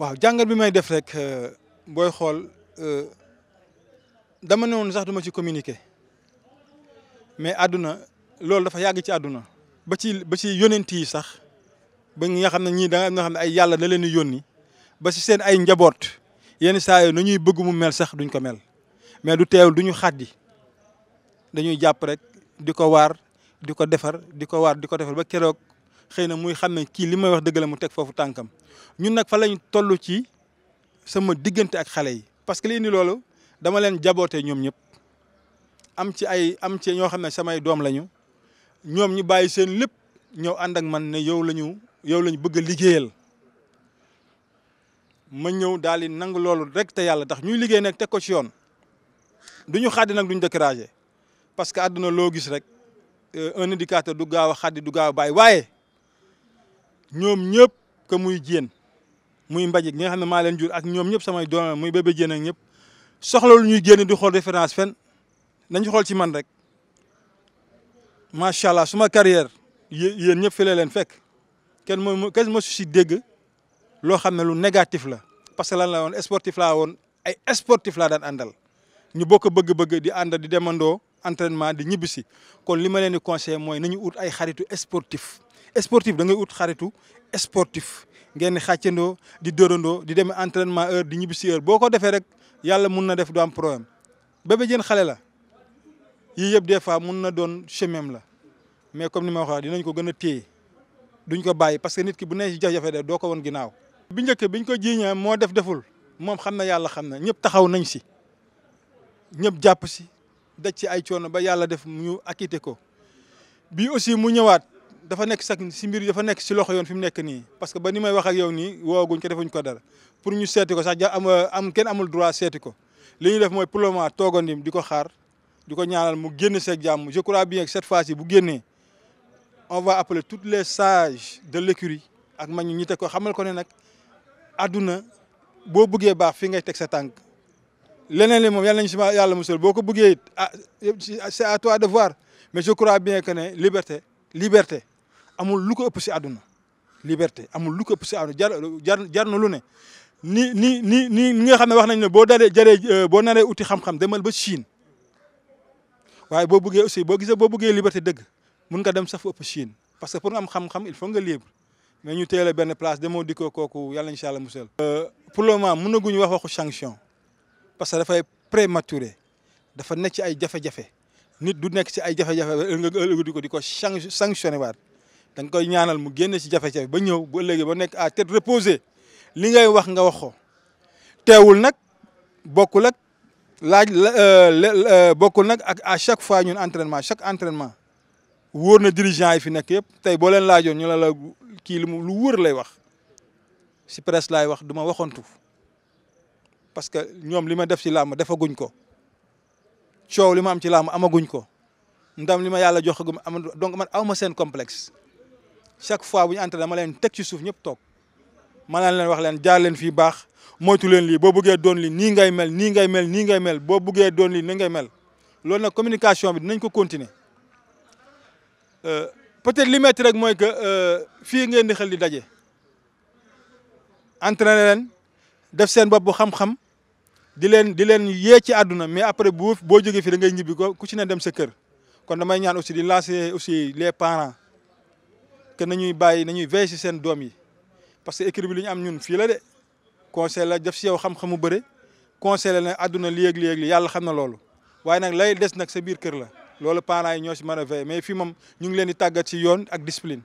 waaw jàngal bi may def rek euh, booy xool euh, dama ne woon sax duma ci communiquer mais àdduna loolu dafa yàgg ci àdduna ba ci ba ci yónent yi sax ba nga xam ne ñii da nga xam ne ay yàlla da leen di yónni ba ci seen ay njaboot yenn saa yoo na ñuy bëgg mel sax duñ ko mel mais du teewul duñu ñu xàddi dañuy jàpp rek di ko waar. di ko defar di ko waar di ko defar ba keroog xëy na muy xam ne kii li may wax dëgg la mu teg foofu tànkam ñun nag fa lañ tollu ci sama diggante ak xale yi parce que li indi loolu dama leen jaboote ñoom ñëpp am ci ay am ci ñoo xam ne samay doom lañu ñoom ñu bàyyi seen lépp ñëw ànd ak man ne yow lañu yow lañu bëgg a liggéeyal ma ñëw daal di nangu loolu rek te yàlla tax ñuy liggéey nag teg ko ci yoon duñu xàddi nag duñu découragé parce que àdduna loo gis rek. Euh, un indicateur du gaaw a xaddi du gaaw a bàyyi waaye ñoom ñëpp que muy jéen muy mbajik ñi nga xam ne maa leen jur ak ñoom ñëpp samay doom muy bébé jéen ak soxla lu ñuy génn di xool référence fen nañ xool si man rek macha allah suma carrière yéen ñëpp fi leen fekk kenn mooy kenn mosu si dégg loo xam ne lu négatif la parce que lan la woon sportif laa woon ay sportif laa daan àndal ñu boo ko bëgg-bëgg di ànd di demandoo. entraînement di ñibbi si kon li ma leen di conseillé mooy nañu ut ay xaritu sportif sportif da ngay ut xaritu sportif ngeen di xàccandoo di dóorandoo di deme entraînement heure di ñibbi si heure boo ko defee rek yàlla mun na def du am problème ba Diène xale la yii yëpp des fois mun na doon chemin la mais comme ni ma waxee dinañ ko gën a téye duñ ko bàyyi parce que nit ki bu nee si jafe-jafe de doo ko woon ginnaaw. bi njëkk biñ ko jiiñee moo def deful moom xam na yàlla xam na ñëpp taxaw nañ si ñëpp jàpp si. daj ci ay coono ba yàlla def ñu acquitté ko bii aussi mu ñëwaat dafa nekk sax si mbir dafa nekk si loxo yoon fi mu nekk nii parce que ba ni may wax ak yow nii wooguñ ko defuñ ko dara pour ñu seeti ko sax ja am am kenn amul droit seeti ko li ñuy def mooy pour le moment toogandim di ko xaar di ko ñaanal mu génn seeg jàmm je crois bien que cette fois ci bu génnee on va appeler toutes les sages de l'écurie ak mag ñu teg ko xamal ko ne nag àdduna boo bëggee baax fi ngay teg sa tànk leneen li moom yàlla nañu si yàlla musal boo ko bëggee it ah c'est à toi de voir mais je crois bien que ne liberté liberté amul lu ko ëpp si àdduna liberté amul lu ko ëpp si àdduna jar jar jar na lu ne ni ni ni ni nga xam ne wax nañ ne boo daree jaree euh, boo naree uti xam-xam demal ba Chine waaye boo bëggee aussi boo gisee boo bëggee liberté dëgg mun nga dem sax fu ëpp Chine parce que pour nga am xam-xam il faut nga libre mais ñu teel a benn place demoo di ko kooku yàlla nañu si yàlla musal. Euh, pour le moment mënaguñu wax waxu sanction. parce que dafay prématuré dafa nekk ci ay jafe-jafe nit du nekk ci ay jafe-jafe nga ëllëg di ko di ko sanctionné waat da nga koy ñaanal mu génn ci jafe-jafe ba ñëw bu ëllëgee ba nekk à tête reposée li ngay wax nga wax ko teewul nag bokkul ak laaj euh, euh, bokkul nag ak à chaque fois ñun entraînement chaque entraînement wóor na dirigeant yi fi nekk yëpp tey boo leen laajoon ñu la la kii lu mu lu wóor lay wax si presse laay wax du ma waxantu parce que ñoom li ma def ci làmb defaguñ ko coow li ma am ci làmb amaguñ ko ndam li ma yàlla joxagum am donc man awma seen complexe chaque fois bu ñu entraîné ma leen teg ci suuf ñëpp toog ma naan leen wax leen jaar leen fii baax moytu leen lii boo bëggee doon lii nii ngay mel nii ngay mel nii mel boo bëggee doon lii ni ngay mel loolu na communication bi dinañ ko continuer euh, peut-être li metti rek mooy que euh, fii ngeen di xel di daje entraîné leen. def seen bopp xam-xam di leen di leen yee ci àdduna mais après boo boo jógee fii da ngay ñibbi ko ku ci ne dem sa kër kon damay ñaan aussi di lancer aussi les parents que nañuy bàyyi nañuy veiller si seen doom yi parce que écrit bi li ñu am ñun fii la de conseil la def si yow xam mu bëre conseil la ne àdduna li yëg-li yàlla xam na loolu waaye nag lay des nag sa biir kër la loolu parents yi ñoo si man a veiller mais fii moom ñu ngi leen di tàggat si yoon ak discipline